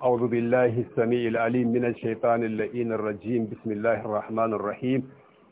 أعوذ بالله السميع العليم من الشيطان اللئين الرجيم بسم الله الرحمن الرحيم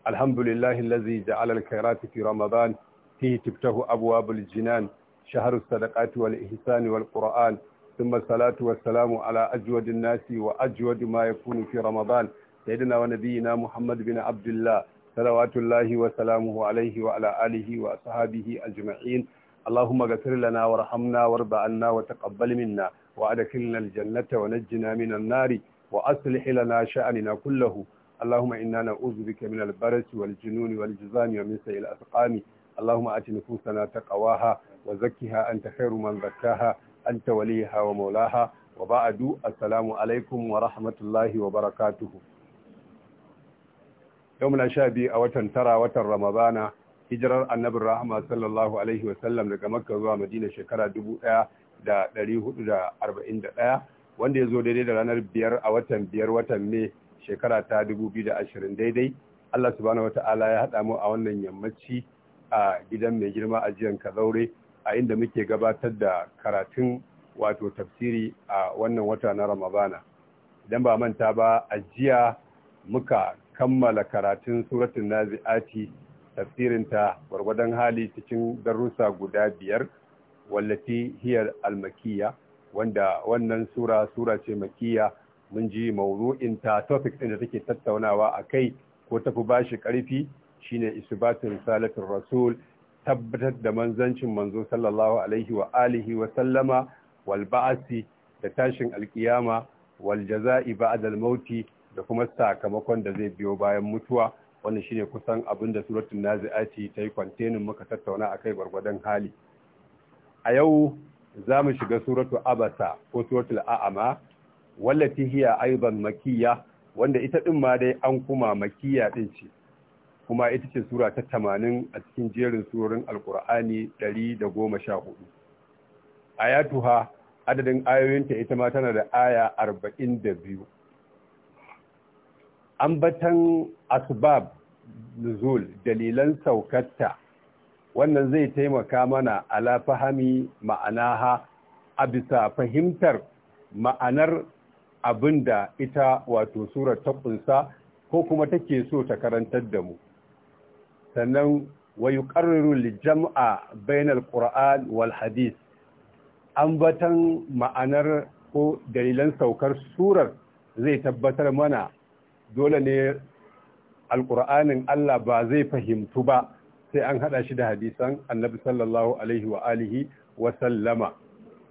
الحمد لله الذي جعل الخيرات في رمضان فيه تفتح أبواب الجنان شهر الصدقات والإحسان والقرآن ثم الصلاة والسلام على أجود الناس وأجود ما يكون في رمضان سيدنا ونبينا محمد بن عبد الله صلوات الله وسلامه عليه وعلى آله وأصحابه أجمعين اللهم اغفر لنا وارحمنا وارض عنا وتقبل منا وأدخلنا الجنة ونجنا من النار وأصلح لنا شأننا كله اللهم إنا نعوذ بك من البرس والجنون والجزام ومن سيء الأسقام اللهم آت نفوسنا تقواها وزكها أنت خير من زكاها أنت وليها ومولاها وبعد السلام عليكم ورحمة الله وبركاته يومنا شابي أوتن ترى وتن رمضان hijirar annabin rahama sallallahu alaihi wasallam daga makka zuwa madina shekara da ɗari da da arba'in hudu ɗaya wanda ya zo daidai da ranar biyar a watan biyar watan mai shekara ta dubu biyu da ashirin daidai Allah subhanahu wata'ala ya haɗa mu a wannan yammaci a gidan mai girma a jiyan kazaure a inda muke gabatar da karatun wato tafsiri a wannan wata na ramabana idan ba manta ba a jiya muka kammala karatun suratun nazi'ati tafsirinta gwargwadon hali cikin darussa guda biyar wallati hiyar almakiya wanda wannan sura sura ce makiya mun ji mawdu'in ta topic din da take tattaunawa a kai ko tafi bashi karfi shine isbatu salatin rasul tabbatar da manzancin manzo sallallahu alaihi wa alihi wa sallama wal ba'si da tashin alkiyama wal jaza'i ba'da al mauti da kuma sakamakon da zai biyo bayan mutuwa wannan shine kusan abinda da suratul nazi'ati ta yi kwantenin muka tattauna akai gwargwadon hali a yau za mu shiga suratu abasa ko suratul a'ama wallati hiya aiban makiyya wanda ita din ma dai an kuma makiyya ɗin ce kuma ita ce sura ta tamanin a cikin jerin surorin A 114 tuha adadin ayoyinta ita ma tana da aya arba'in da 42 ambatan asbab nuzul dalilan saukatta wannan zai taimaka mana ala fahami ma'anaha a bisa fahimtar ma'anar abin da ita wato surar ta kunsa ko kuma take so ta karantar da mu sannan wa yuqarriru lijam'a bainal qur'an wal hadith ambatan ma'anar ko dalilan saukar surar zai tabbatar mana dole ne Alƙur'anin Allah ba zai fahimtu ba sai an hada shi da hadisan annabi sallallahu alaihi wa alihi wa sallama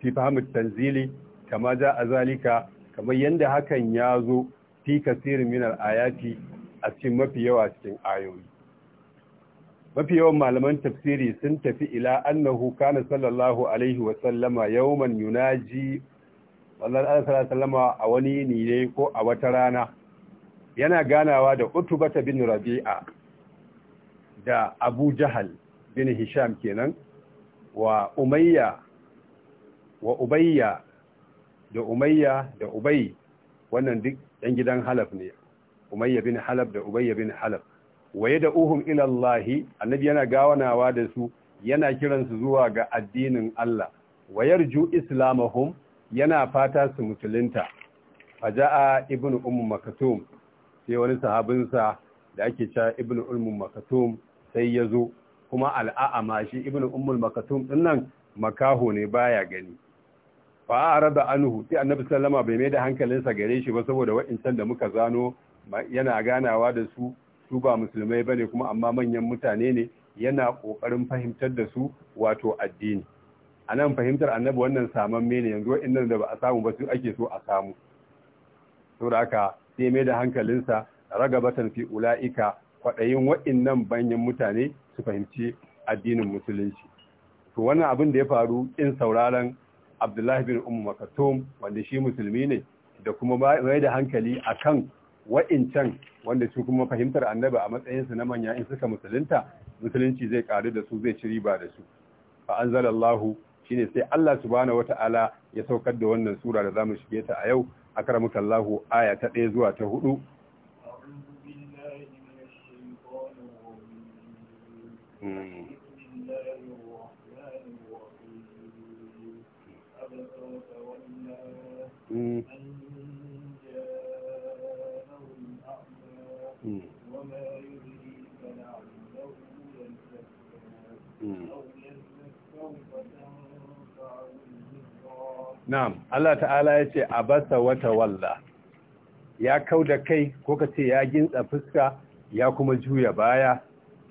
fi fahimtar tanzili kama ja a zalika kamar yadda hakan ya zo fi kasirin minar ayati a cikin mafi yawa cikin ayoyi mafi yawan malaman tafsiri sun tafi ila annahu kana sallallahu alaihi wa sallama yawman yunaji wannan Allah sallallahu sallama a wani ne ko a wata rana yana ganawa da utubata bin rabi'a da abu jahal bin hisham kenan wa umayya wa ubayya da umayya da ubayi wannan duk ɗan gidan halaf ne umayya bin halaf da ubayya bin halaf waye da uhum ilallahi annabi yana gawanawa da su yana kiransu zuwa ga addinin Allah Wayar ju islamahum yana fata su musulunta faja'a ibnu ummu makatum sai wani sahabinsa da ake cewa ibnu ummu makatum sai ya zo kuma ma shi ibn ummul makatum din nan makaho ne baya gani fa arada anhu sai annabi sallama bai mai da hankalinsa gare shi ba saboda wa'incan da muka zano yana ganawa da su su ba musulmai ba ne kuma amma manyan mutane ne yana kokarin fahimtar da su wato addini anan fahimtar annabi wannan samamme ne yanzu nan da ba a samu ba su ake so a samu saboda haka sai mai da hankalinsa ragabatan fi ula'ika kwaɗayin wa'innan banyan mutane su fahimci addinin musulunci to wannan abin da ya faru in sauraron abdullahi bin umar makatom wanda shi musulmi ne da kuma mai da hankali a kan wa'incan wanda su kuma fahimtar annaba a matsayinsu na manya in suka musulunta musulunci zai karu da su zai ci riba da su fa shi ne sai Allah subhanahu wata'ala ya saukar da wannan sura da zamu shige ta a yau a akramukallahu aya ta ɗaya zuwa ta huɗu Na'am, Allah ta'ala ya ce, "A basa wata walla, ya kau da kai ko ka ce ya gintsa fuska ya kuma juya baya,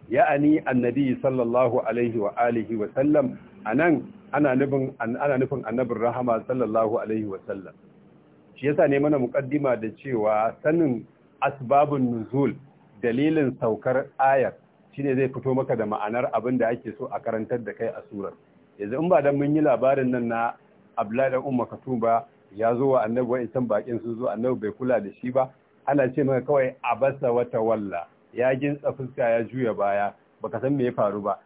ya'ani annabi sallallahu alaihi wa alihi wa sallam anan ana nufin ana nufin annabin rahama sallallahu alaihi wa sallam shi yasa ne mana muqaddima da cewa sanin asbabun nuzul dalilin saukar ayar shine zai fito maka da ma'anar abin da ake so a karantar da kai a surar yanzu in ba dan mun yi labarin nan na Abdullahi dan Umma Katuba ya zo wa annabi wa'in bakin sun zo annabi bai kula da shi ba ana ce maka kawai abasa wata walla ya gintsa fuska ya juya baya baka san me ya faru ba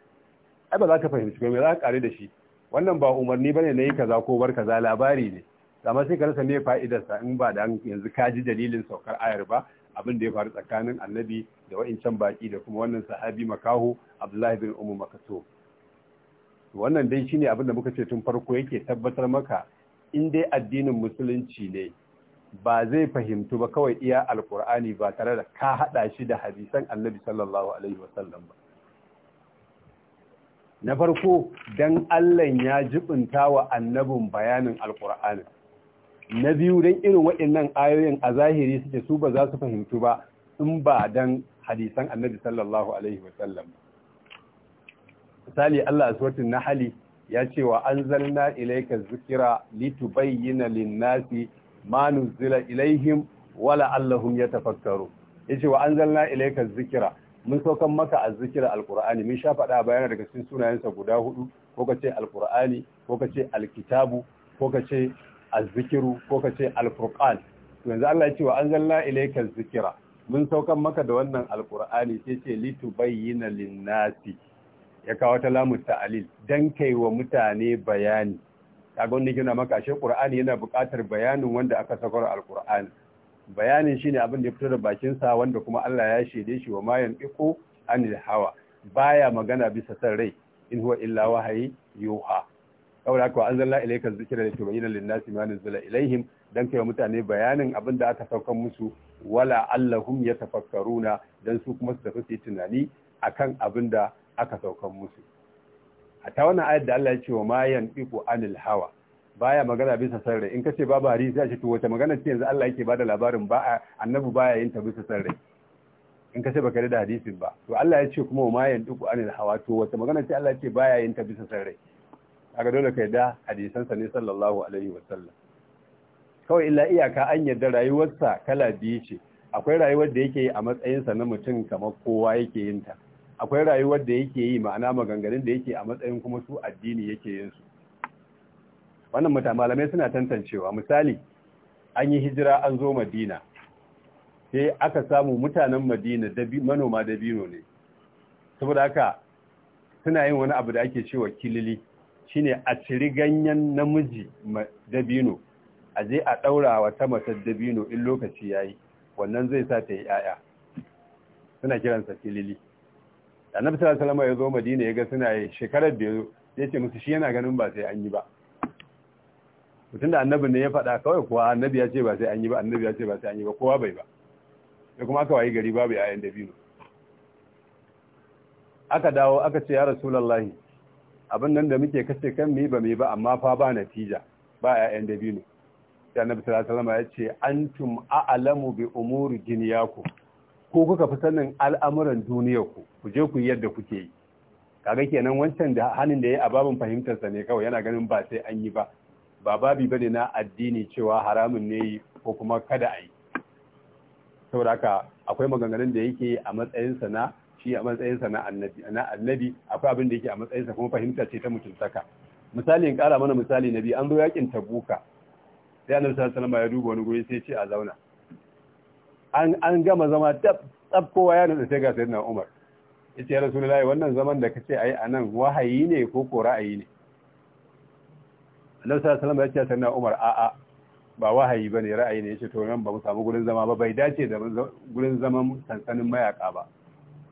ai ba za ka fahimci ba me za ka kare da shi wannan ba umarni bane na yi kaza ko bar kaza labari ne amma sai ka rasa me fa'idarsa in ba da yanzu ka ji dalilin saukar ayar ba abin da ya faru tsakanin annabi da wa'incan baki da kuma wannan sahabi makaho abdullahi bin umu makaso wannan dai shine abin da muka ce tun farko yake tabbatar maka in dai addinin musulunci ne ba zai fahimtu ba kawai iya alkur'ani ba tare da ka haɗa shi da hadisan annabi sallallahu alaihi wasallam ba na farko dan Allah ya jibinta wa annabin bayanin alkur'ani na biyu dan irin waɗannan ayoyin a zahiri suke su ba za su fahimtu ba in ba dan hadisan annabi sallallahu alaihi wasallam misali Allah a suratul nahl ya ce wa anzalna ilayka dhikra litubayyana lin-nasi manu zila ilaihim wala allahum ya ce wa an anzalna ilaikar zikira mun saukan maka a zikira al'kur'ani mun sha faɗa bayan daga cikin sunayensa guda hudu ko ka ce al'kur'ani ko ka ce alkitabu ko ka ce azzikiru ko ka ce alfurqan yanzu Allah ya ce wa an anzalna ilaikar zikira mun saukan maka da wannan al'kur'ani sai ce litu bayyana linnasi ya kawo ta lamu ta'alil dan kai wa mutane bayani kaga wanda yake maka ashe qur'ani yana buƙatar bayanin wanda aka sakar alqur'ani bayanin shine abin da ya fito da bakin sa wanda kuma Allah ya shede shi wa mayan iko anil hawa baya magana bisa san rai in huwa illa wahayi yuha kawai ko anzalna ilayka dhikra tubayyana lin-nasi ma nuzila ilaihim dan kai mutane bayanin abin da aka saukan musu wala allahum yatafakkaruna dan su kuma su tafi su tunani akan abin da aka saukan musu ta wannan ayat da Allah ya ce wa mayan yanfiqu anil hawa baya magana bisa sarrai in kace babu hari sai ce to wata magana ce yanzu Allah yake bada labarin ba annabi baya yin ta bisa sarrai in kace baka da hadisin ba to Allah ya ce kuma wa mayan yanfiqu anil hawa to wata magana ce Allah ya ce baya yin ta bisa sarrai kaga dole kai da hadisansa ne sallallahu alaihi wa sallam kawai illa iyaka an yarda rayuwarsa kala biyu ce akwai rayuwar da yake yi a matsayinsa na mutum kamar kowa yake yin ta akwai rayuwar da yake yi ma'ana maganganun da yake a matsayin kuma su addini yake yin su wannan mutane malamai suna tantancewa misali an yi hijira an zo madina sai aka samu mutanen madina manoma dabino ne saboda haka suna yin wani abu da ake cewa kilili shine a ciri ganyen namiji dabino a je a ɗaura wa ta matar dabino in lokaci ya yi wannan zai sa ta yi ‘ya'ya suna kiransa kilili annabi sallallahu alaihi wasallam ya zo madina ya ga suna yi shekarar da yazo ya ce musu shi yana ganin ba sai an yi ba mutum da annabi ne ya faɗa kawai kuwa annabi ya ce ba sai an yi ba annabi ya ce ba sai an yi ba kowa bai ba ya kuma aka wayi gari babu yayan dabino aka dawo aka ce ya rasulullahi abin nan da muke kace kan mi ba mi ba amma fa ba natija ba yayan dabino sai annabi sallallahu alaihi wasallam ya ce antum a'lamu bi umuri dunyakum ko kuka fi sanin al'amuran duniyar ku ku je ku yadda kuke yi kaga kenan wancan da hannun da ya yi a babin fahimtarsa ne kawai yana ganin ba sai an yi ba ba babi bane na addini cewa haramun ne yi ko kuma kada a yi saboda haka akwai maganganun da yake a matsayinsa na shi a matsayinsa na annabi na akwai abin da yake a matsayinsa kuma fahimta ce ta mutuntaka misali in kara mana misali nabi an zo yakin tabuka sai annabi sallallahu alaihi wasallam ya duba wani guri sai ce a zauna an gama zama tsab kowa ya nutsa sai ga sayyidina Umar yace ya rasulullahi wannan zaman da kace ai anan wahayi ne ko ko ra'ayi ne Allah sallallahu alaihi wasallam ya ce sayyidina Umar a a ba wahayi bane ra'ayi ne yace to nan ba mu samu gurin zama ba bai dace da gurin zaman sansanin mayaka ba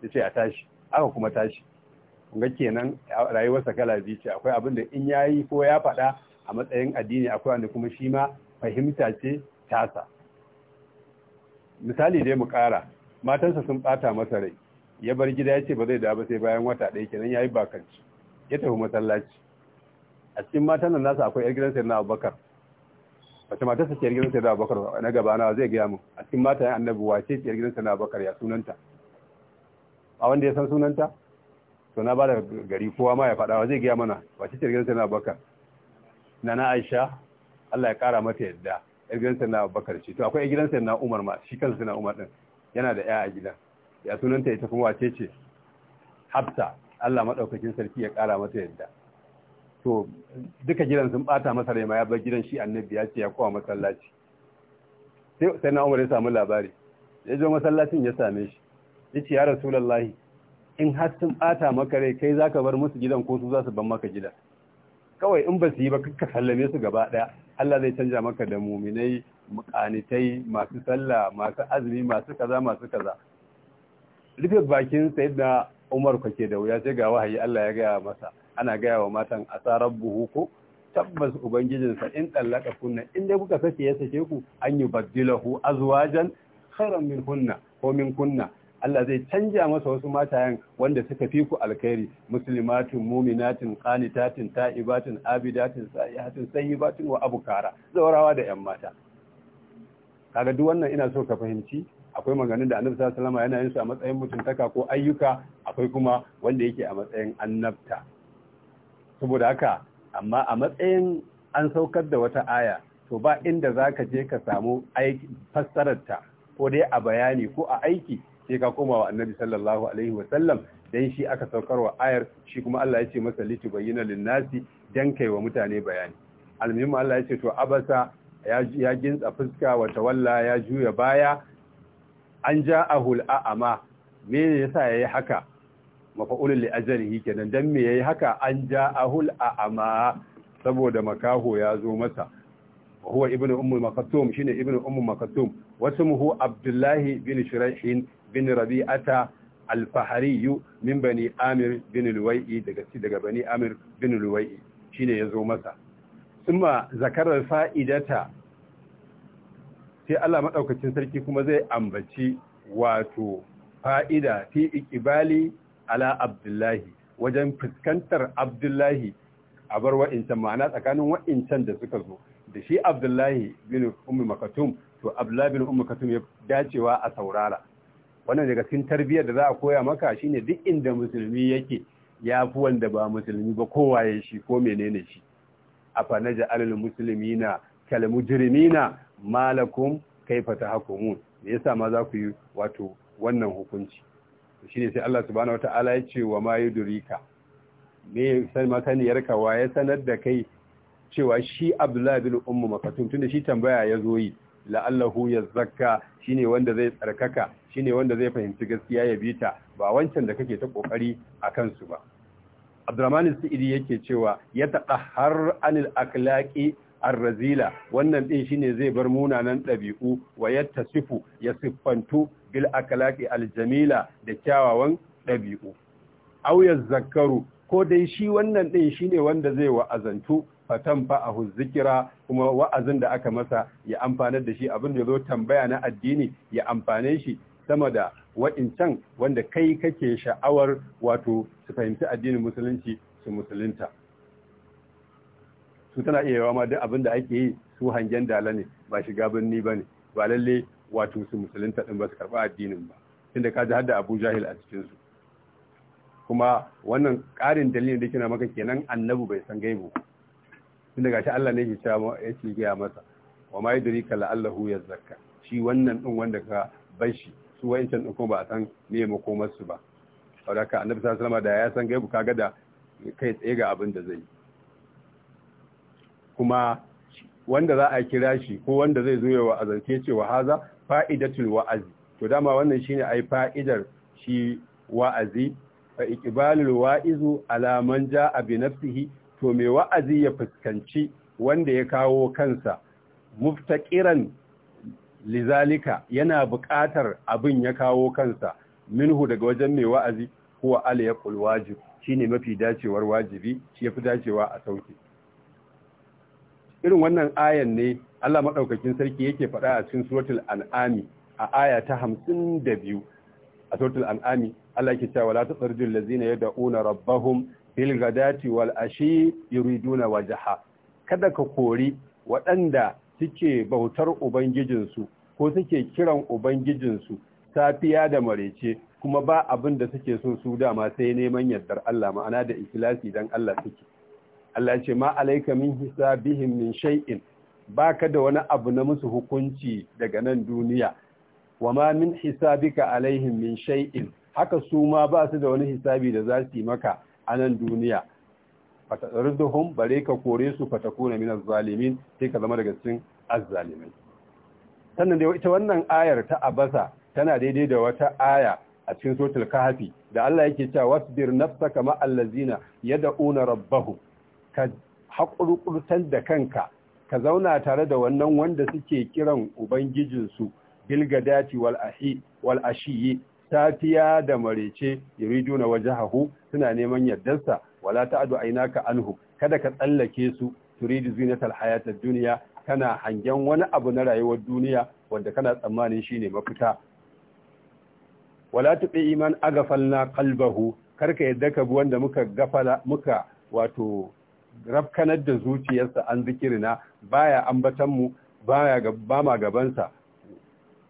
yace a tashi aka kuma tashi Kun ga kenan rayuwarsa kala biyu ce akwai abin da in yayi ko ya faɗa a matsayin addini akwai wanda kuma shi ma fahimta ce tasa misali dai mu ƙara matansa sun bata masa rai ya bar gida ya ce ba zai da ba sai bayan wata ɗaya kenan ya yi bakanci ya tafi masallaci a cikin matan nan nasa akwai 'yar gidan na abubakar wace matarsa ce 'yar gidan sayyidina abubakar na gaba na zai gaya min a cikin matan annabi wace ce 'yar gidan na abubakar ya sunanta a wanda ya san sunanta to na ba da gari kowa ma ya faɗa wa zai gaya mana wace ce 'yar gidan na abubakar nana aisha Allah ya ƙara mata yadda yar gidan na abubakar ce to akwai gidan gidan na umar ma shi kansa na umar din yana da yaya a gida ya sunanta ita kuma wace ce hafsa Allah madaukakin sarki ya kara mata yadda to duka gidan sun bata masa rai ma ya bar gidan shi annabi ya ce ya kowa masallaci sai na umar ya samu labari ya zo masallacin ya same shi ya ce ya rasulallahi in har sun bata maka rai kai zaka bar musu gidan ko su za su ban maka gidan kawai in ba su yi ba ka sallame su gaba ɗaya Allah zai canja maka da muminai mukanitai masu sallah masu azumi masu kaza masu kaza rufe bakin sai da Umar kake da wuya sai ga wahayi Allah ya gaya masa ana gaya wa matan asarar buhu ko tabbas ubangijinsa in tallaka kunna in dai kuka sake ya sake ku an yi baddilahu azwajan khairan min hunna ko min kunna Allah zai canja masa wasu matayen wanda suka fi ku alkhairi muslimatin muminatin qanitatin ta'ibatin abidatin sayihatin sayyibatin wa abukara zaurawa da yan mata kaga duk wannan ina so ka fahimci akwai maganin da annabi sallallahu alaihi wasallam yana yin su a matsayin mutuntaka ko ayyuka akwai kuma wanda yake a matsayin annabta saboda haka amma a matsayin an saukar da wata aya to ba inda zaka je ka samu fassararta fassararta ko dai a bayani ko a aiki sai ka koma wa annabi sallallahu alaihi wa sallam dan shi aka saukar wa ayar shi kuma Allah ya ce masa litubayyana linnasi dan kai wa mutane bayani almuhimmu Allah ya ce to abasa ya gintsa fuska wa tawalla ya juya baya an ja'ahul a'ama me yasa yayi haka mafa'ulul li ajrihi kenan dan me yayi haka an ja'ahul a'ama saboda makaho ya zo masa huwa ibnu ummu makasum shine ibn ummu makasum wasu muhu abdullahi bin shuraihin bin rabi'ata alfahariyu min bani amir bin luwai'i daga ci daga bani amir bin luwai'i shine ya zo masa summa zakarar fa'idata sai Allah maɗaukacin sarki kuma zai ambaci wato fa'ida fi ikibali ala abdullahi wajen fuskantar abdullahi a bar wa'incan ma'ana tsakanin wa'incan da suka zo da shi abdullahi bin umar makatum to abdullahi bin umar makatum ya dacewa a saurara wannan daga cikin tarbiyyar da za a koya maka shine duk inda musulmi yake ya fi wanda ba musulmi ba kowa ya shi ko menene shi A afa naja alal muslimina kal mujrimina malakum kaifa tahkumun me yasa ma za ku yi wato wannan hukunci shine sai Allah subhanahu wataala ya ce wa ma yudrika me sai masaniyarka wa ya sanar da kai cewa shi Abdullahi bin Ummu Maktum tunda shi tambaya ya zo yi la'allahu ya shi shine wanda zai tsarkaka shine wanda zai fahimci gaskiya ya bi ta ba wancan da kake ta kokari akan su ba Abdurrahman Sa'idi yake cewa ya tadahhar anil akhlaqi arrazila wannan din shine zai bar munanan dabi'u wa yattasifu ya siffantu bil akhlaqi aljamila da kyawawan ɗabi'u. aw yazakkaru ko dai shi wannan ɗin shi ne wanda zai wa'azantu fatan fa'ahu zikira kuma wa'azin da aka masa ya amfanar da shi abin da zo tambaya na addini ya amfane shi sama da wa'incan wanda kai kake sha'awar wato su fahimci addinin musulunci su musulunta su tana iya yawa ma duk abin da ake yi su hangen dala ne ba shiga birni ba ne ba lalle wato su musulunta ɗin ba su karɓa addinin ba tunda ka ji har da abu jahil a cikinsu kuma wannan ƙarin dalilin da kina na maka kenan annabi bai san gaibu tun daga shi Allah ne ya cewa gaya masa wa ma yudrika la allahu yazakka shi wannan din wanda ka bar su wayancan din kuma ba a san me ko masu ba saboda ka annabi sallallahu alaihi wasallam da ya san gaibu kaga da kai tsaye ga abin da zai kuma wanda za a kira shi ko wanda zai zo yawa azance cewa haza fa'idatul wa'azi to dama wannan shine ai fa'idar shi wa'azi fa iqbalul wa'izu ala man ja'a bi nafsihi to me wa'azi ya fuskanci wanda ya kawo kansa muftaqiran lizalika yana buƙatar abin ya kawo kansa minhu daga wajen mai wa'azi huwa al yaqul wajib shine mafi dacewar wajibi shi yafi dacewa a sauki irin wannan ayan ne Allah madaukakin sarki yake faɗa a cikin suratul an'ami a aya ta 52 a suratul al'ami Allah yake cewa la tasarjul ladzina yad'una rabbahum bil ghadati wal ashi yuriduna wajha kada ka kori waɗanda suke bautar ubangijinsu ko suke kiran ubangijinsu safiya da marece kuma ba abin da suke so su dama sai neman yardar Allah ma'ana da ikhlasi dan Allah suke Allah ce ma alaika min hisabihim min shay'in baka da wani abu na musu hukunci daga nan duniya wa ma min hisabika alaihim min shay'in haka su ma ba su da wani hisabi da za yi maka a nan duniya fatadruhum bare ka kore su fatakuna min az-zalimin sai ka zama daga cikin az-zalimin sannan dai ita wannan ayar ta abasa tana daidai da wata aya a cikin suratul kahfi da Allah yake cewa wasbir nafsaka ma allazina yad'una rabbahum ka haƙurƙurtar da kanka ka zauna tare da wannan wanda suke kiran ubangijinsu bilgadati wal ahi wal ashiyi safiya da marece yuriduna wajhahu suna neman yardarsa wala ta'du aynaka anhu kada ka tsallake su turidu zinatal hayatad dunya kana hangen wani abu na rayuwar duniya wanda kana tsammanin shine mafita wala tuqi iman agafalna qalbahu karka yadda ka bi wanda muka gafala muka wato rafkanar da zuciyarsa an zikirina baya ambatan mu baya ba ma gabansa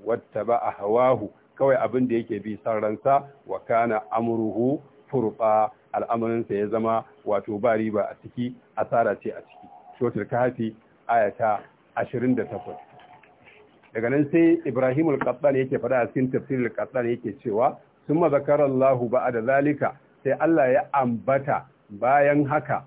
wattaba hawahu kawai abin da yake bi san ransa wa kana amruhu furba al'amarin sa ya zama wato ba riba a ciki asara ce a ciki shotul kahfi ayata 28 daga nan sai Ibrahim al-Qattan yake fada a cikin tafsir al-Qattan yake cewa summa zakara Allahu ba'da zalika sai Allah ya ambata bayan haka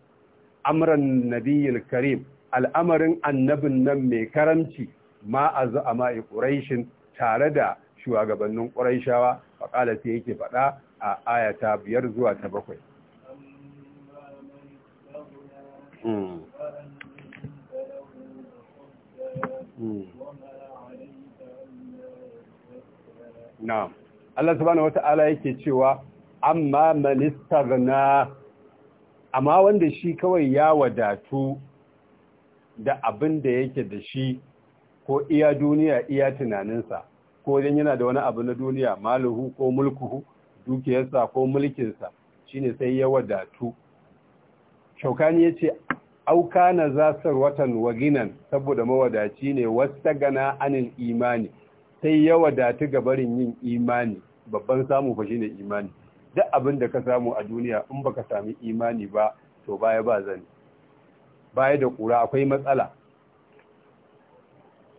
amran nabiyil karim al'amarin annabin nan mai karamci ma a ma'ai ƙuraishin tare da shugabannin ƙuraishawa faƙala sai yake faɗa a ayata biyar zuwa ta bakwai na'am Allah subhanahu wata'ala yake cewa amma man na." amma wanda shi kawai ya wadatu da abin da yake da shi ko iya duniya iya tunaninsa ko idan yana da wani abu na duniya maluhu ko mulkuhu dukiyarsa ko mulkinsa shine sai ya wadatu shaukani ya ce auka na zasar watan waginan saboda mawadaci ne wasta gana anin imani sai ya wadatu barin yin imani babban samu fa ne imani duk abin da ka samu a duniya in baka sami imani ba to baya ba zani baya da kura akwai matsala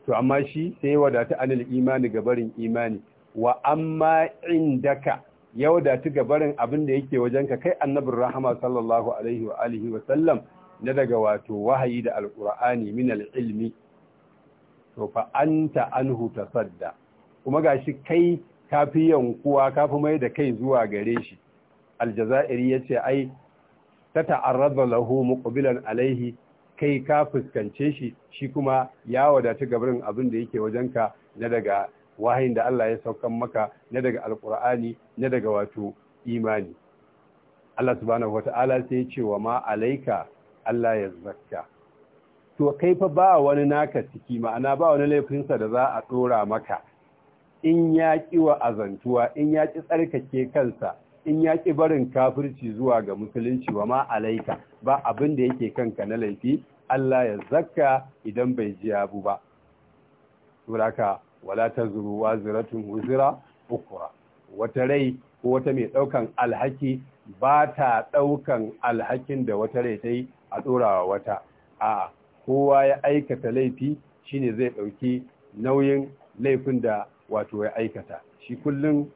to amma shi sai wadata anil imani gabarin imani wa amma indaka ya wadatu gabarin abin da yake wajen ka, kai annabin rahama sallallahu alaihi wa alihi wa sallam na daga wato wahayi da alqur'ani min ilmi. to fa anta anhu tasadda kuma gashi kai kafi yankuwa kafi mai da kai zuwa gare shi aljazairi yace ai ta ta'arrada lahu muqbilan alaihi kai ka fuskance shi shi kuma ya wadata gabarin abin da yake wajenka na daga wahayin da Allah ya saukan maka na daga alkur'ani na daga wato imani Allah subhanahu wata'ala sai ya ce wa ma alaika Allah ya zakka to kai fa ba wani naka ciki ma'ana ba wani laifinsa da za a tsora maka in ya ki wa azantuwa in ya ki tsarkake kansa in ya ƙi barin kafirci zuwa ga musulunci wa ma alaika ba abin da yake kanka na laifi Allah ya zakka idan bai ji abu ba suraka wala wa ziratun wuzira ukura wata rai ko wata mai ɗaukan alhaki ba ta ɗaukan alhakin da wata rai ta yi a ɗorawa wata a kowa ya aikata laifi shine zai ɗauki nauyin laifin da wato ya aikata shi kullum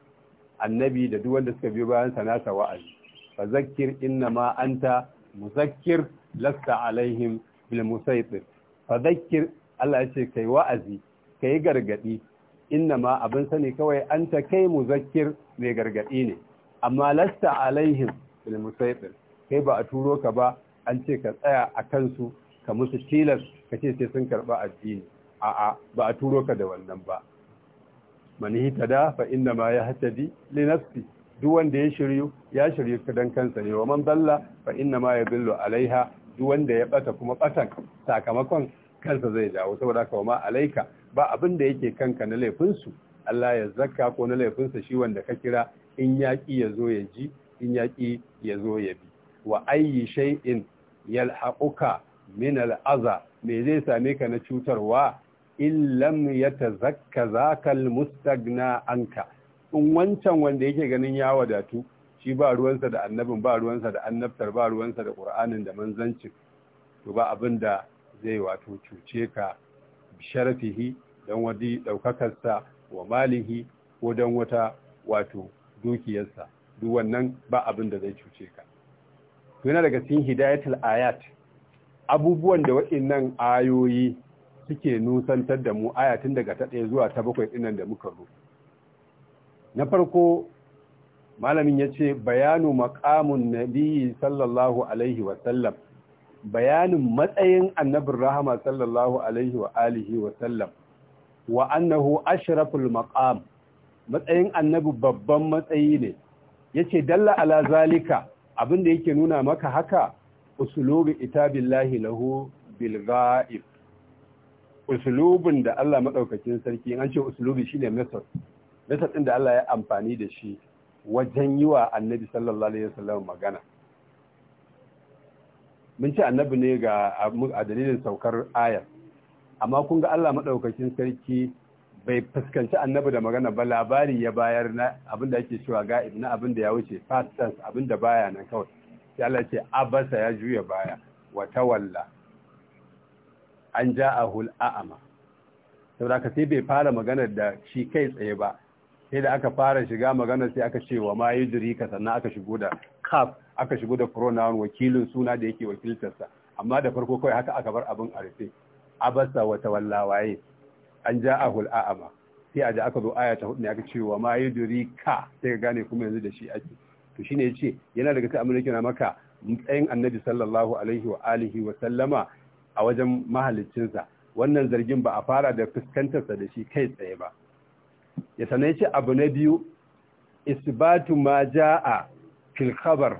annabi da duk wanda suka biyo bayan sa nasa wa'azi fa zakkir inna ma anta muzakkir lasta alaihim bil musaytir fa zakkir Allah ya ce kai wa'azi kai gargadi inna ma abin sani kawai anta kai muzakkir mai gargadi ne amma lasta alaihim bil musaytir kai ba a turo ka ba an ce ka tsaya a kansu ka musu tilas ka ce sai sun karba addini a'a ba a turo ka da wannan ba mani da fa inna ma yahtadi li nafsi duk wanda ya shiryu ya shiryu dan kansa ne waman man dalla fa inna ma yadullu alaiha duk wanda ya bata kuma batan sakamakon kansa zai dawo saboda haka ma alaika ba abin da yake kanka na laifinsu Allah ya zakka ko na laifinsa sa shi wanda ka kira in yaki yazo zo ya ji in yaki ya zo ya bi wa ayyi shay'in yalhaquka min al'aza me zai same ka na cutarwa in lam za zakal mustagna anka in wancan wanda yake ganin ya wadatu shi ba ruwansa da annabin ba ruwansa da annabtar ba ruwansa da qur'anin da manzancin to ba abin da zai wato cuce ka sharafihi don wadi daukakarsa wa malihi ko don wata wato dukiyarsa duk wannan ba abin da zai cuce ka to yana daga cikin hidayatul ayat abubuwan da waɗannan ayoyi suke nusantar da mu tun daga ta ɗaya zuwa ta bakwai ɗinan da muka zo na farko malamin ya ce bayanu makamun nabi sallallahu alaihi wasallam bayanin matsayin annabin rahama sallallahu alaihi wa alihi wasallam wa annahu ashraful maqam matsayin annabi babban matsayi ne Ya ce dalla ala zalika abinda yake nuna maka haka ita itabillahi lahu bilga'ib usulubin da Allah maɗaukakin sarki an ce usulubi shine method method ɗin da Allah ya amfani da shi wajen yi wa annabi sallallahu alaihi wasallam magana mun ce annabi ne ga a dalilin saukar ayar amma kun ga Allah maɗaukakin sarki bai fuskanci annabi da magana ba labari ya bayar na abin da ake cewa ga na abin da ya wuce fast tense abin da baya nan kawai sai Allah ce abasa ya juya baya wa tawalla an ja ja'ahul a'ama saboda ka sai bai fara magana da shi kai tsaye ba sai da aka fara shiga magana sai aka ce wa ma yi ka sannan aka shigo da kaf aka shigo da pronoun wakilin suna da yake wakiltarsa amma da farko kawai haka aka bar abin a rufe abasa wa tawalla waye an ja'ahul a'ama sai a ji aka zo aya ta hudu ne aka ce wa ma yi ka sai ka gane kuma yanzu da shi ake to shine yace yana daga cikin abin yake na maka matsayin annabi sallallahu alaihi wa alihi wa sallama a wajen mahalicinsa wannan zargin ba a fara da fuskantarsa da shi kai tsaye ba ya sanai ce abu na biyu isbatu ma ja'a fil khabar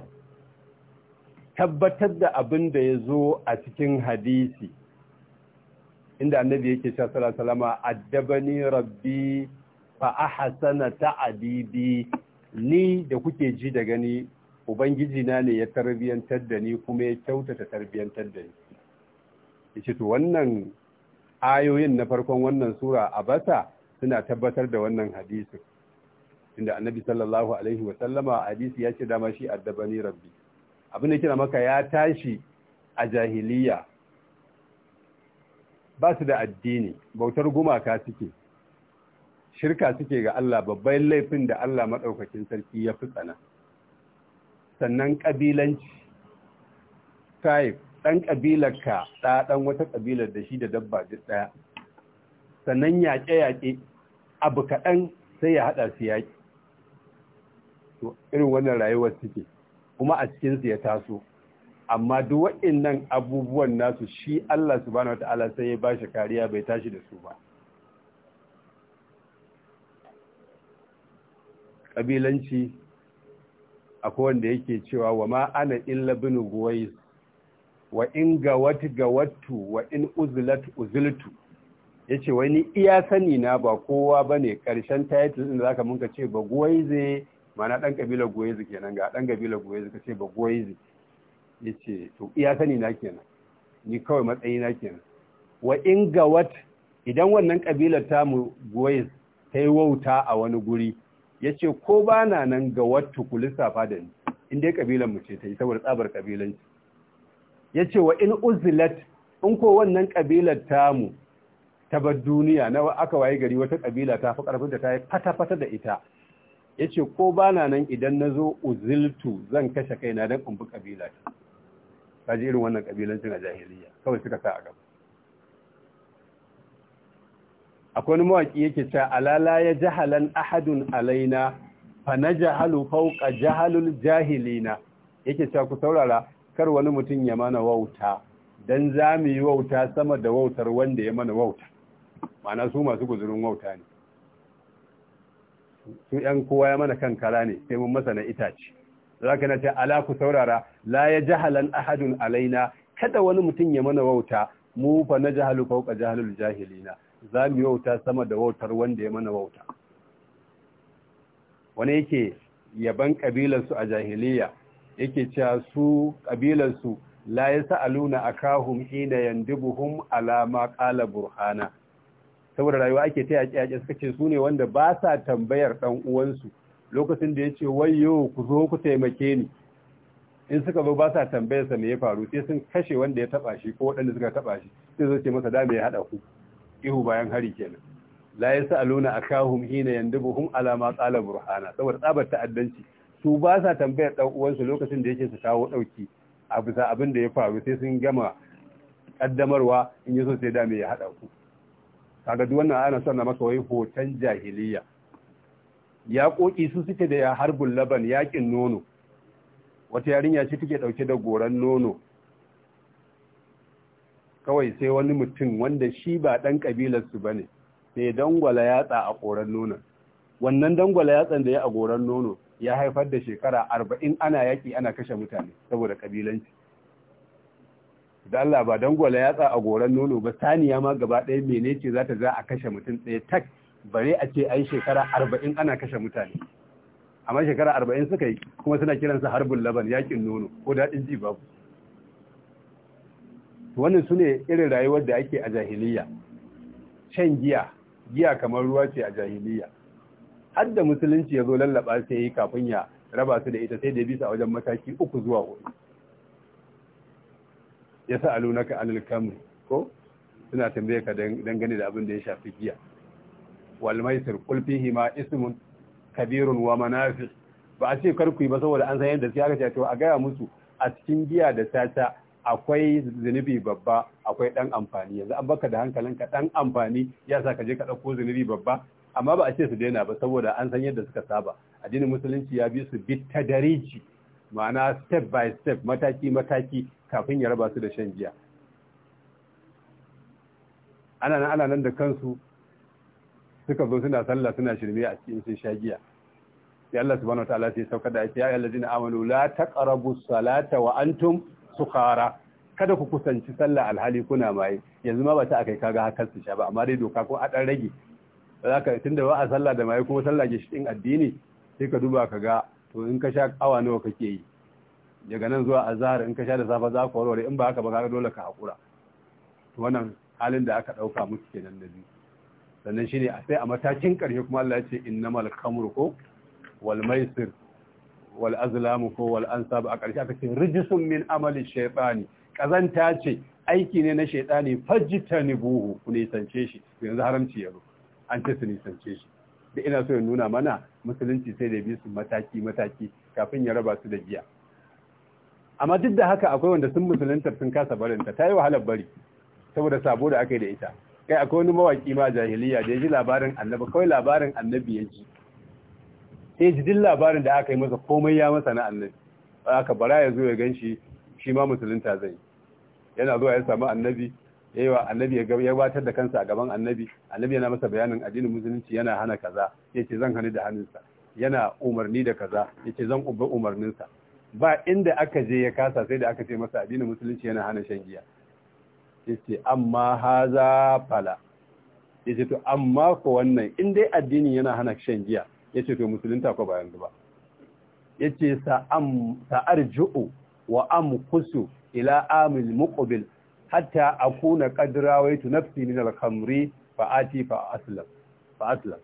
tabbatar da abin da ya zo a cikin hadisi inda annabi yake cewa sallallahu alaihi wasallam addabani rabbi fa ahsana ta'dibi ni da kuke ji da gani ubangiji na ne ya tarbiyantar da ni kuma ya kyautata tarbiyantar da ni yace to wannan ayoyin na farkon wannan sura a basa suna tabbatar da wannan hadisin inda annabi sallallahu alaihi wa sallama hadisi ya ce dama shi addabani rabbi abin da kira maka ya tashi a jahiliya ba su da addini bautar gumaka suke shirka suke ga Allah babban laifin da Allah maɗaukakin sarki ya fi tsana sannan ƙabilanci type ɗan ƙabilarka ɗan wata ƙabilar da shi da dabba duk ɗaya sannan yaƙe-yaƙe abu kaɗan sai ya haɗa su yaƙi irin wannan rayuwar suke kuma a cikinsu ya taso amma duk waɗannan abubuwan nasu shi Allah subhanahu Ta'ala sai ya ba shi kariya bai tashi da su ba ƙabilanci akwai wanda yake cewa wa ma ana illa binu guwais wa in ga wattu wa in uzlat uziltu yace wani iya sani na ba kowa bane karshen title din zaka mun ka ce ba goyize mana dan kabila goyize kenan ga dan kabila goyize ka ce ba goyize yace to iya sani na kenan ni kawai matsayi na kenan wa in wat idan wannan kabilar ta mu goyize ta yi wauta a wani guri yace ko ba na nan gawattu ku lissafa da ni in dai kabilar mu ce ta yi saboda tsabar kabilanci ya ce wa in uzilat in ko wannan ƙabilar tamu ta bar duniya na aka waye gari wata kabila ta fi ƙarfin da ta yi fata-fata da ita ya ce ko ba na nan idan na zo uziltu zan kashe kai na don in bi ƙabila ta ta ji irin wannan ƙabilancin a jahiliya kawai suka sa a gaba akwai wani mawaƙi yake ta alala ya jahalan ahadun alaina fa na jahalu fauka jahalul jahilina yake ta ku saurara kar wani mutum ya mana wauta don za mu yi wauta sama da wautar wanda ya mana wauta ma'ana su masu guzurin wauta ne su ‘yan kowa ya mana kan kara ne sai mun masa na itace za ka nace ala ku saurara la ya jahalan ahadun alaina kada wani mutum ya mana wauta mu fa na jahalu fauka jahalul jahilina za mu wauta sama da wautar wanda ya mana wauta wani yake yaban kabilarsu a jahiliya yake cewa su kabilarsu la a akahum hina yandibuhum ala ma qala burhana saboda rayuwa ake ta yaƙi yaƙi suka ce su ne wanda ba sa tambayar ɗan uwansu lokacin da ya ce wayo ku zo ku taimake ni in suka zo ba sa tambayarsa me ya faru sai sun kashe wanda ya taɓa shi ko waɗanda suka taɓa shi sai zo ce masa da me ya haɗa ku ihu bayan hari kenan la a akahum hina yandibuhum ala ma qala burhana saboda tsabar ta'addanci su ba sa tambayar ɗan uwansu lokacin da yake su kawo ɗauki a bisa abin da ya faru sai sun gama ƙaddamarwa in yi so sai da ya haɗa ku kaga duk wannan ana son na maka wai hoton jahiliya ya koki su suke da ya harbul laban yakin nono wata yarinya ce take dauke da goran nono kawai sai wani mutum wanda shi ba dan kabilar su bane sai dangwala yatsa a goran nono wannan dangwala yatsan da ya a goran nono ya haifar da shekara arba'in ana yaƙi ana kashe mutane saboda ƙabilanci da Allah ba don gwala yatsa a goron nono ba saniya ma gaba ɗaya mene ce za ta za a kashe mutum ɗaya tak bare a ce ai shekara arba'in ana kashe mutane amma shekara arba'in suka yi kuma suna kiransa harbin laban yaƙin nono ko daɗin ji babu wannan su ne irin rayuwar da ake a jahiliya shan giya giya kamar ruwa ce a jahiliya har musulunci ya zo lallaba sai yi kafin ya raba su da ita sai da bisa wajen mataki uku zuwa uku. ya a naka anil kamri ko suna tambaye ka dangane da abin da ya shafi giya wal maisir qul fihi ismun kabirun wa manafi ba a ce karku yi ba saboda an san yadda sai aka ce to a gaya musu a cikin giya da tata akwai zunubi babba akwai dan amfani yanzu an baka da hankalinka dan amfani ya sa ka je ka dauko zunubi babba amma ba a ce su daina ba saboda an san yadda suka saba addinin musulunci ya bi su bit tadariji ma'ana step by step mataki mataki kafin ya raba su da shan giya ana nan ana nan da kansu suka zo suna sallah suna shirme a cikin sun sha giya sai Allah subhanahu wataala sai sauka da ayati ya allazina amanu la taqrabu salata wa antum sukhara kada ku kusanci sallah alhali kuna maye yanzu ma ba ta akai kaga hakan su sha ba amma dai doka ko a dan rage ba za ka tunda ba a sallah da mai kuma sallah ke addini sai ka duba ka ga to in ka sha awa nawa kake yi daga nan zuwa azhar in ka sha da safa za ka warware in ba haka ba ka dole ka hakura to wannan halin da aka dauka musu kenan da bi sannan shine sai a matakin karshe kuma Allah ya ce innamal khamru ko wal maisir wal azlam ko wal ansab a karshe aka ce rijsun min amali shaytani kazanta ce aiki ne na shaytani fajjitani buhu ku tance shi yanzu haramci yaro an ce su nisance shi da ina so ya nuna mana musulunci sai da bi su mataki mataki kafin ya raba su da biya. amma duk da haka akwai wanda sun musulunta sun kasa barinta ta yi wahalar bari saboda sabo da aka yi da ita kai akwai wani mawaki ma jahiliya da ya ji labarin annabi kawai labarin annabi ya ji sai ji duk labarin da aka yi masa komai ya masa na annabi aka bara ya zo ya ganshi shi shi ma musulunta zai yana zuwa ya samu annabi yawa annabi ya gabatar da kansa a gaban annabi annabi yana masa bayanin addinin musulunci yana hana kaza yace zan hani da hannunsa yana umarni da kaza yace zan ubba umarninsa ba inda aka je ya kasa sai da aka ce masa addinin musulunci yana hana shan giya yace amma haza fala yace to amma ko wannan in dai addini yana hana shan giya yace to musulunta ko ba yanzu ba yace sa am sa arju'u wa amkusu ila amil muqbil hatta akuna qadrawaitu nafsi min al-khamri fa ati fa aslam fa aslam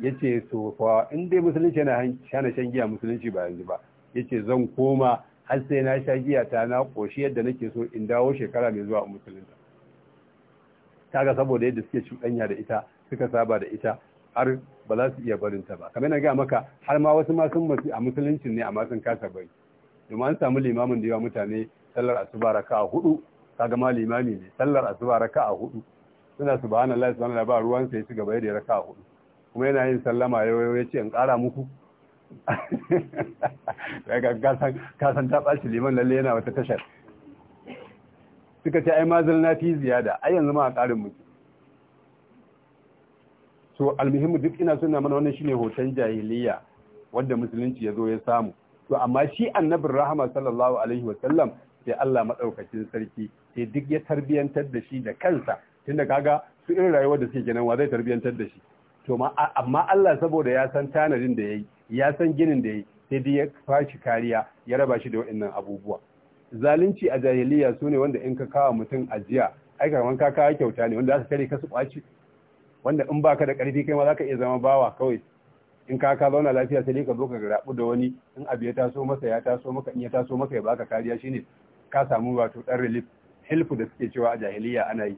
yace so fa in dai musulunci yana shana shan giya musulunci ba yanzu ba yace zan koma har sai na sha giya ta na koshi yadda nake so in dawo shekara mai zuwa musulunta kaga saboda yadda suke cuɗanya da ita suka saba da ita har ba za su iya barinta ba kamar na gaya maka har ma wasu ma sun a musulunci ne amma sun kasa bari domin an samu limamin da yawa mutane sallar asuba raka'a hudu kaga ma limami ne sallar asuba raka'a hudu suna subhanallahi subhanallahi ba ruwan sai ci gaba da raka'a hudu kuma yana yin sallama yayo yace in kara muku Kasan kasan ta bashi liman lalle yana wata tashar suka ce ai mazal na fi ziyada ai yanzu ma a ƙarin muke so almuhimmi duk ina suna mana wannan shine hoton jahiliya wanda musulunci ya zo ya samu to amma shi Annabi rahama sallallahu alaihi wa sallam, sai Allah maɗaukacin sarki sai duk ya tarbiyantar da shi da kansa tunda kaga su irin rayuwar da suke kenan wa zai tarbiyantar da shi to amma Allah saboda ya san tanadin da yayi ya san ginin da yayi sai dai ya fashi kariya ya raba shi da waɗannan abubuwa zalunci a jahiliya su ne wanda in ka kawo mutum ajiya ai karban ka kawo kyauta ne wanda za su tare ka su kwaci wanda in baka da karfi kai ma za ka iya zama bawa kawai in ka ka zauna lafiya sai ka zo ka rabu da wani in abu ya taso masa ya taso maka in ya taso maka ya baka kariya shine ka samu wato dan relief hilfu da suke cewa a jahiliya ana yi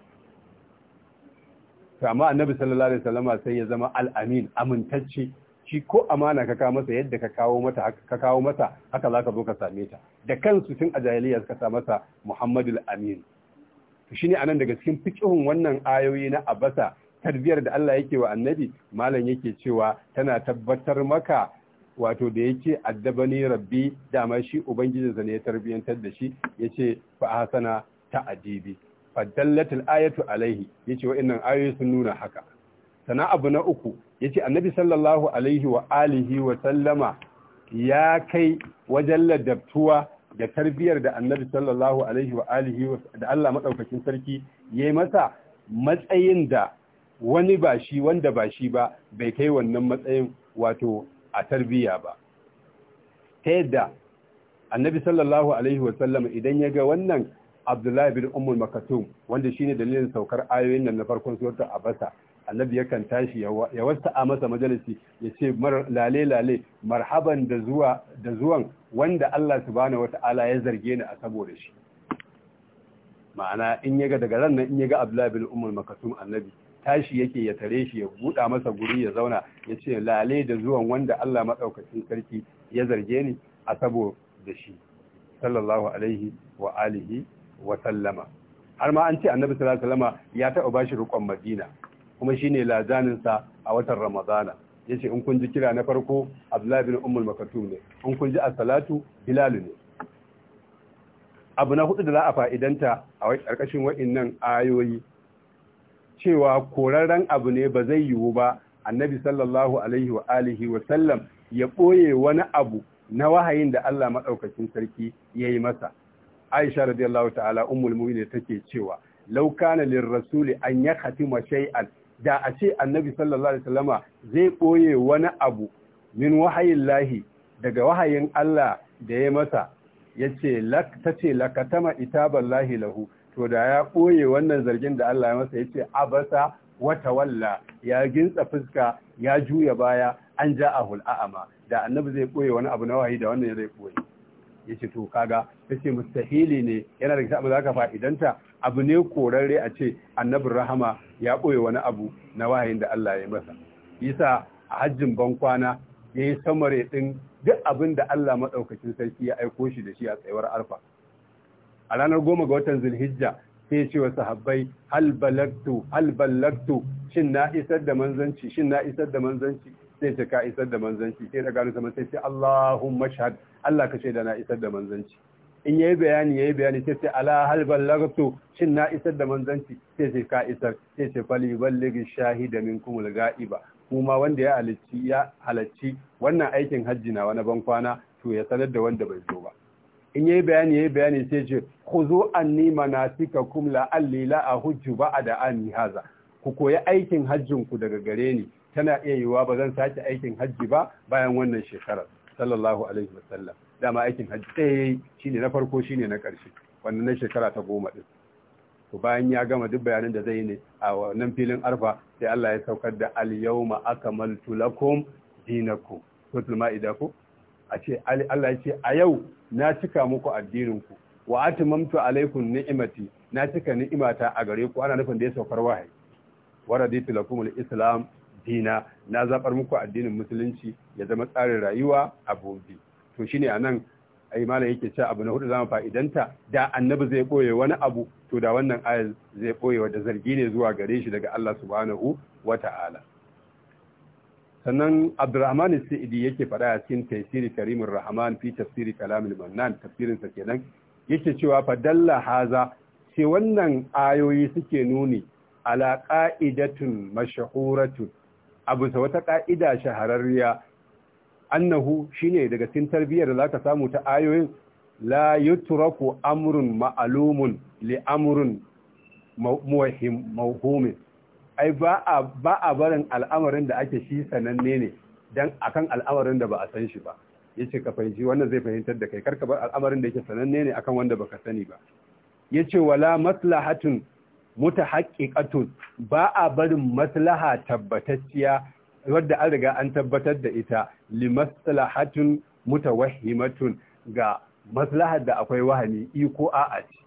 amma annabi sallallahu alaihi wasallama sai ya zama al-amin amintacce shi ko amana ka kawo masa yadda ka kawo mata ka kawo mata haka zaka zo ka same ta da kansu tun a jahiliya suka sa masa Muhammadul Amin to shine anan daga cikin fiqhun wannan ayoyi na abasa tarbiyar da Allah yake wa annabi malam yake cewa tana tabbatar maka wato da yake addabani rabbi dama shi ubangijinsa ne ya tarbiyantar da shi yace fa hasana ta'adibi fadallatul ayatu alaihi yace wa'annan ayoyi sun nuna haka sana abu na uku yace annabi sallallahu alaihi wa alihi wa sallama ya kai wajen ladabtuwa da tarbiyar da annabi sallallahu alaihi wa alihi da Allah madaukakin sarki yayi masa matsayin da wani ba shi wanda ba shi ba bai kai wannan matsayin wato a tarbiya ba ta yadda annabi sallallahu alaihi wa sallama idan ya ga wannan Abdullahi bin Ummul Makatum wanda shine dalilin saukar ayoyin nan na farkon suratul Abasa annabi yakan tashi ya wasta a masa majalisi ya ce lale lale marhaban da zuwa da zuwan wanda Allah subhanahu wata'ala ya zarge ni a saboda shi ma'ana in yaga daga ran in yaga Abdullahi bin Ummul Makatum annabi tashi yake ya tare shi ya buɗa masa guri ya zauna ya ce lale da zuwan wanda Allah maɗaukacin sarki ya zarge ni a saboda shi sallallahu alaihi wa alihi wasallama har ma an ce annabi sallallahu alaihi wasallama ya taɓa bashi rukon madina kuma shine lazanin sa a watan ramadana yace in kun ji kira na farko abdullahi bin ummul makatum ne in kun ji as-salatu bilal ne abu na hudu da za a fa'idanta a wai karkashin waɗannan ayoyi cewa korarren abu ne ba zai yiwu ba annabi sallallahu alaihi wa alihi wa sallam ya ɓoye wani abu na wahayin da Allah maɗaukacin sarki ya yi masa Aisha radiyallahu ta'ala ummul mu'minin take cewa law kana rasuli an yakhatima shay'an da a ce annabi sallallahu alaihi wasallama zai boye wani abu min wahayin lahi daga wahayin Allah da ya masa yace lak tace lakatama ita lahi lahu to da ya boye wannan zargin da Allah ya masa yace abasa wata walla ya gintsa fuska ya juya baya an ja'ahul a'ama da annabi zai boye wani abu na wahayi da wannan zai boye yace to kaga ce mustahili ne yana da kitabu zaka fa'idanta abu ne korarre a ce annabin rahama ya ɓoye wani abu na wahayin da Allah ya masa yasa a hajjin bankwana yayi samare din duk abin da Allah madaukakin sarki ya aiko shi da shi a tsayuwar arfa a ranar goma ga watan zulhijja sai ce wa sahabbai hal balagtu hal balagtu shin na isar da manzanci shin na isar da manzanci sai ta ka isar da manzanci sai da gano sama sai sai Allahumma shahad Allah ka da na isar da manzanci in yayi bayani yayi bayani sai sai ala hal ballagtu shin na isar da manzanci sai sai ka isar sai sai fali ballighi shahida minkum al-ghaiba kuma wanda ya halacci, ya halacci wannan aikin hajji na wani ban kwana to ya sanar da wanda bai zo ba in yayi bayani yayi bayani sai ce khuzu anni manasikakum la alli la ahujju ba'da anni haza ku koyi aikin hajjin ku daga gare ni tana iya yiwuwa ba zan sake aikin hajji ba bayan wannan shekarar sallallahu alaihi wasallam dama aikin hajji ɗaya shine na farko shine na ƙarshe wannan na shekara ta goma din to bayan ya gama duk bayanan da zai ne a wannan filin arfa sai Allah ya saukar da al-yawma akmaltu lakum dinakum suratul maida ko a ce Allah ya ce a yau na cika muku addinin ku wa atmamtu alaikum ni'mati na cika ni'imata a gare ku ana nufin da ya saukar wahayi wa raditu lakum islam dina na zabar muku addinin musulunci ya zama tsarin rayuwa a bobe to shine anan ai malam yake cewa abu na hudu zama fa'idanta da annabi zai koye wani abu to da wannan ayar zai boye wanda zargi ne zuwa gare shi daga Allah subhanahu wata'ala sannan Abdurrahman Sa'idi yake faɗa a cikin tafsiri Karimur Rahman fi tafsiri Kalamul Mannan tafsirin sa kenan yake cewa fa dalla haza sai wannan ayoyi suke nuni ala qa'idatun mashhuratun abu sa wata ƙa'ida shahararriya annahu shine daga cikin tarbiyyar da za ka samu ta ayoyin la yutraku amurin ma'lumun li amrun muwahhim ai ba a barin al'amarin da ake shi sananne ne a akan al'amarin da ba a san shi ba Ya ce ka fahimci wannan zai fahimtar da kai karka bar al'amarin da yake sananne ne akan wanda baka sani ba Ya ce wala maslahatun mutahaqqiqatun ba a barin maslaha tabbatacciya wadda an riga an tabbatar da ita maslahatun mutawahhimatun ga maslahar da akwai wahani iko a ce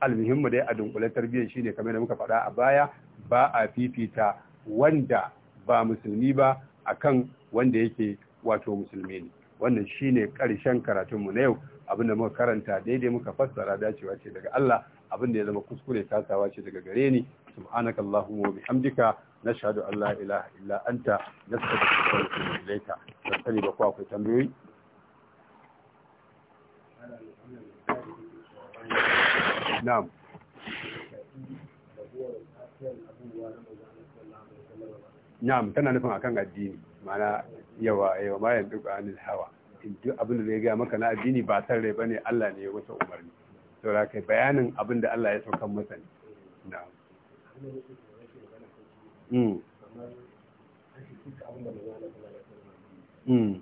almuhimmu dai a dunkule tarbiyyar shine kamar da muka faɗa a baya ba a fifita wanda ba musulmi ba akan wanda yake wato musulmi ne wannan shine karshen karatunmu na yau abinda muka karanta daidai muka fassara dacewa ce daga Allah abin da ya zama kuskure kasawa ce daga gare ni subhanaka allahumma wa bihamdika nashhadu an la ilaha illa anta nastaghfiruka wa natubu ilayka sai ba ku akwai tambayoyi na'am na'am tana nufin akan addini mana yawa yawa bayan duk anil hawa duk abin da ya ga maka na addini ba tare bane Allah ne ya wuce umarni saboda kai bayanin abin da Allah ya sauka masa ne hmm. Hmm.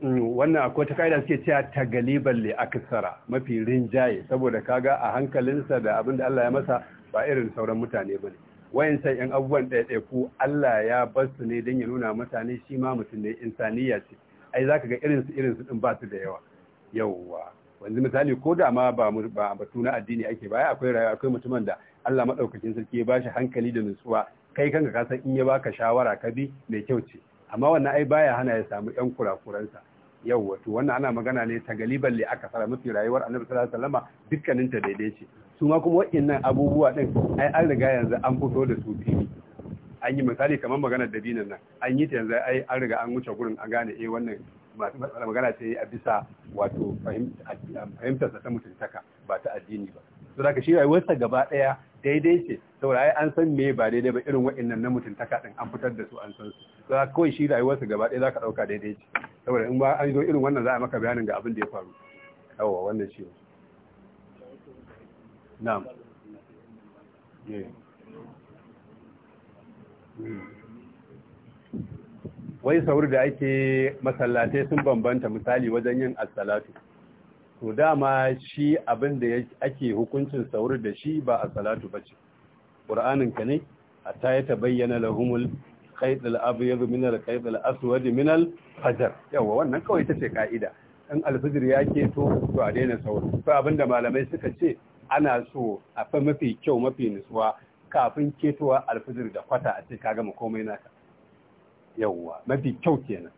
Hmm. wannan akwai ta ka'ida suke cewa ta galiban le Kisara mafi rinjaye saboda kaga a hankalinsa da abin da Allah ya masa ba irin sauran mutane ba ne. wayansan yan abubuwan ɗaya-ɗaya ko Allah ya bar su ne don ya nuna mutane shi ma mutum ne insaniya ce ai za ka ga irinsu irinsu ɗin ba su da yawa yawwa wanzu misali ko da ma ba batu na addini ake baya akwai rayuwa akwai mutumin da Allah maɗaukacin sarki ya shi hankali da nutsuwa kai kanka ka san in ya baka shawara ka bi mai kyau ce amma wannan ai baya hana ya samu yan kurakuransa Yawwa, to wannan ana magana ne ta galiban li aka fara mafi rayuwar annabi sallallahu alaihi wasallama dukkaninta ta daidai ce su ma kuma nan abubuwa ɗin ai an riga yanzu an fito da su fili an yi misali kamar maganar dabinan nan an yi ta yanzu ai an riga an wuce gurin an gane eh wannan masu magana ce a bisa wato fahimtar ta mutuntaka ba ta addini ba to da ka shi rayuwarsa gaba ɗaya daidai ce saboda ai an san me ba daidai ba irin nan na mutuntaka ɗin an fitar da su an san su to kawai shi rayuwarsa gaba ɗaya za ka ɗauka daidai ce saboda in ba an zo irin wannan za a maka bayanin ga abin da ya faru yawwa wannan shi ne wai sauri da ake masallatai sun bambanta misali wajen yin assalatu to dama shi abin da ake hukuncin sauri da shi ba assalatu ba ce ƙura'aninka ne a ta yi ta bayyana lahumul kaitul abiyar minal kaitul aswadi minal Yau, yawa wannan kawai ta ce ka'ida in alfijir ya ke to a daina sauri to abin da malamai suka ce ana so a fa mafi kyau mafi nutsuwa kafin ketowa alfijir da kwata a ce ka gama komai naka yawwa mafi kyau kenan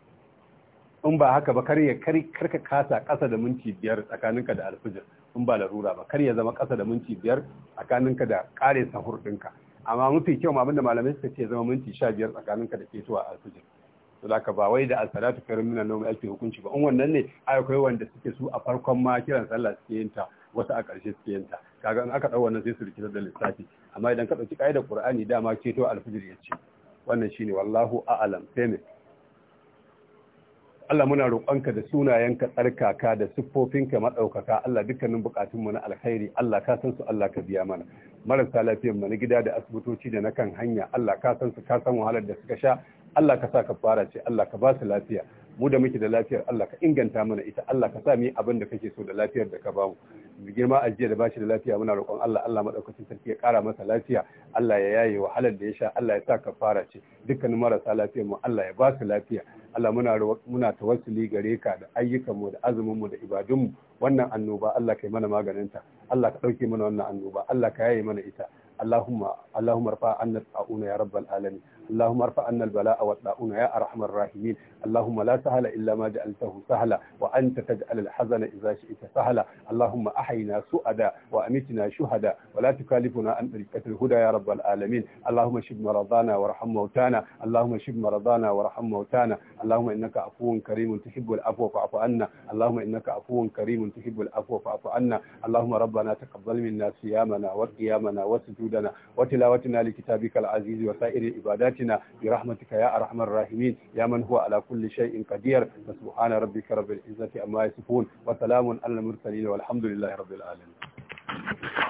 in ba haka ba kar ya kar ka kasa kasa da minti biyar tsakaninka da alfijir in ba larura ba kar ya zama kasa da minti biyar tsakaninka da kare sahur ɗinka amma mafi kyau ma abinda malamai suka ce zama minti sha biyar tsakaninka da ketowa alfijir to da ba wai da as-salatu khairun minan nawm ake hukunci ba in wannan ne akwai wanda suke su a farkon ma kiran sallah suke yin ta wasu a ƙarshe suke yanta kaga in aka ɗau wannan sai su rikitar da lissafi amma idan ka ɗauki ƙa'idar ƙur'ani dama ceto alfijir ya ce wannan shine wallahu a'lam sai Allah muna roƙonka da sunayenka tsarkaka da siffofinka maɗaukaka Allah dukkanin buƙatunmu na alkhairi Allah ka san su Allah ka biya mana marasa lafiyar mu na gida da asibitoci da na kan hanya Allah ka san su ka san wahalar da suka sha Allah ka sa ka fara ce Allah ka ba su lafiya mu da muke da lafiyar Allah ka inganta mana ita Allah ka sa mu abin da kake so da lafiyar da ka bamu mu girma ajiya da bashi da lafiya muna roƙon Allah Allah madaukakin sarki ya ƙara masa lafiya Allah ya yaye wahalar da ya sha Allah ya sa kafara ce dukkanin marasa lafiya mu Allah ya ba su lafiya Allah muna muna tawassuli gare ka da ayyukan mu da azumin mu da ibadun mu wannan annoba Allah kai mana maganinta Allah ka dauke mana wannan annoba Allah ka yaye mana ita اللهم اللهم ارفع عنا الطاعون يا رب العالمين اللهم ارفع عنا البلاء والطاعون يا ارحم الراحمين اللهم لا سهل الا ما جعلته سهلا وانت تجعل الحزن اذا شئت سهلا اللهم احينا سؤدا وامتنا شهدا ولا تكلفنا عن طريقه الهدى يا رب العالمين اللهم شف مرضانا وارحم موتانا اللهم شف مرضانا وارحم موتانا اللهم انك عفو كريم تحب العفو فاعف عنا اللهم انك عفو كريم تحب العفو فاعف عنا اللهم ربنا تقبل منا صيامنا وقيامنا وسجودنا جودنا وتلاوتنا لكتابك العزيز وسائر عباداتنا برحمتك يا أرحم الراحمين يا من هو على كل شيء قدير سبحان ربك رب العزة أما يصفون وسلام على المرسلين والحمد لله رب العالمين